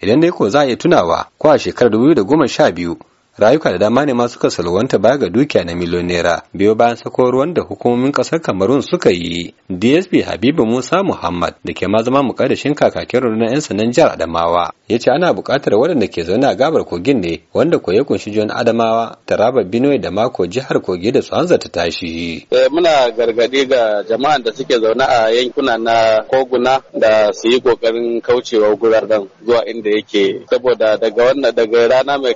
idan dai ko za a iya tunawa ko a shekarar 2012 rayuka da dama ne ma suka salwanta baya ga dukiya na naira biyo bayan sako ruwan da hukumomin kasar kamarun suka yi dsp habibu musa muhammad da ke ma zama mukaddashin kakakin rundunar yan sandan jihar adamawa ya ce ana buƙatar waɗanda ke zaune a gabar kogin ne wanda ko ya kunshi john adamawa taraba benue da mako jihar kogi da tsanza ta tashi. Eh, muna gargaɗi ga jama'an da suke zaune a yankuna na koguna da su yi ƙoƙarin kaucewa guraren zuwa inda yake saboda daga wannan daga rana mai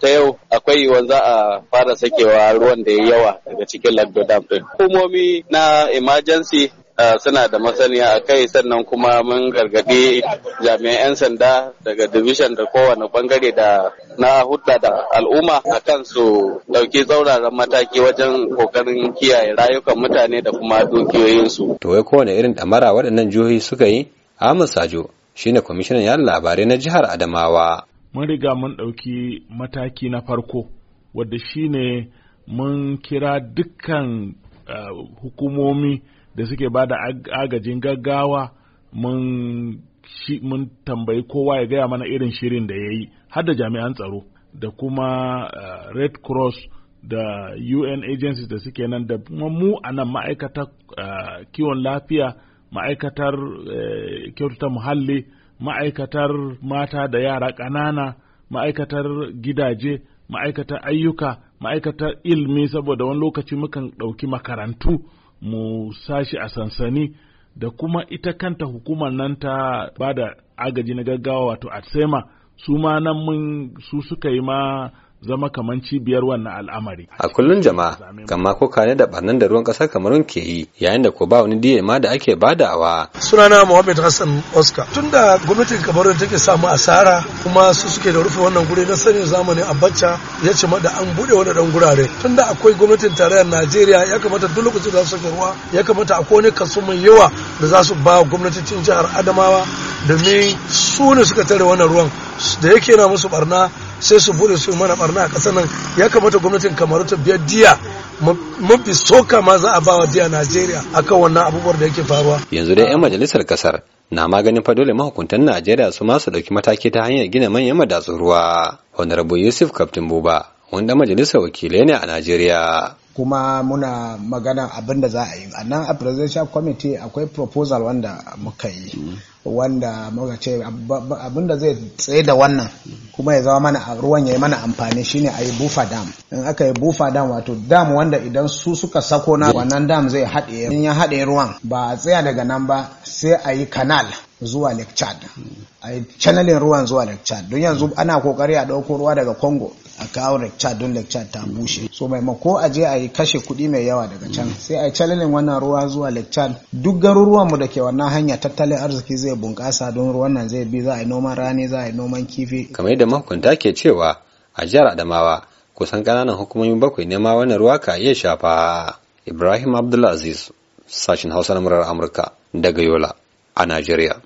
ta yau akwai yiwuwar za a fara sakewa ruwan da ya yawa daga cikin lagdo dam din hukumomi na emergency Uh, suna da masaniya a kai sannan kuma mun gargaɗi jami'an 'yan sanda daga division da kowane bangare da na hudda da al'umma a kan su ɗauki tsauraran mataki wajen ƙoƙarin kiyaye rayukan mutane da kuma dukiyoyinsu. To wai kowane irin ɗamara waɗannan jihohi suka yi? Ahmad Sajo shine kwamishinan yan labarai na jihar Adamawa. mun riga mun ɗauki mataki na farko wadda shine mun kira dukkan eh, hukumomi da suke ba da agajin gaggawa mun mun tambayi kowa ya gaya mana irin shirin da ya yi har jami'an tsaro da kuma eh, red cross da un agencies da suke nan da mu a nan ma'aikatar eh, kiwon lafiya ma'aikatar kyautata muhalli ma'aikatar mata da yara ƙanana ma'aikatar gidaje ma'aikatar ayyuka ma'aikatar ilmi saboda wani lokaci mukan ɗauki makarantu mu sashi a sansani da kuma ita kanta hukumar nan ta ba da agaji na gaggawa wato atsema su ma nan mun su suka yi ma zama kamar cibiyar wannan al'amari. A kullun jama'a kama ko kane da barnan da ruwan ƙasar Kamarun ke yi yayin da ko ba wani diya ma da ake badawa. Sunana Muhammad Hassan Oscar. Tunda gwamnatin Kamarun take samu asara kuma su suke da rufe wannan guri na sanin zamanin Abacha ya ce da an bude wani dan gurare. Tunda akwai gwamnatin tarayyar Najeriya ya kamata duk lokacin da su ruwa ya kamata akwai wani kaso mai yawa da za su ba gwamnatin jihar Adamawa domin su ne suka tare wannan ruwan da yake na musu barna sai su bude su mana barna a ƙasar nan ya kamata gwamnatin kamaru ta biya diya mafi soka ma za a bawa diya najeriya akan wannan abubuwar da yake faruwa yanzu dai yan majalisar kasar na maganin fa dole mahukuntan najeriya su ma su ɗauki mataki ta hanyar gina manyan madatsun ruwa honorable yusuf kaftin buba wanda majalisar wakilai ne a najeriya kuma muna magana abin da za a yi a nan a presidential committee akwai proposal wanda muka yi mm-hmm. wanda muka ce abin zai tsaye da wannan mm-hmm. kuma ya zama mana ruwan ya yi mana amfani shine a yi bufa dam in aka yi bufa dam wato dam wanda idan su suka sako na wannan dam zai haɗe in ya haɗe ruwan ba a tsaya daga nan ba sai a yi canal zuwa lake chad mm-hmm. a yi channelin ruwan zuwa lake chad don yanzu ana kokari a ɗauko ruwa daga congo kawo lecture don lecture ta bushe so maimako a je a yi kashe kuɗi mai yawa daga can sai a yi calalin wannan ruwa zuwa lecture duk garuruwan mu da ke wannan hanya tattalin arziki zai bunƙasa don ruwan nan zai bi za a yi noman rani za a yi noman kifi kamar yadda mahukunta ke cewa a jihar adamawa kusan ƙananan hukumomin bakwai ne ma wannan ruwa ka iya shafa ibrahim abdulaziz sashin hausa na murar amurka daga yola a najeriya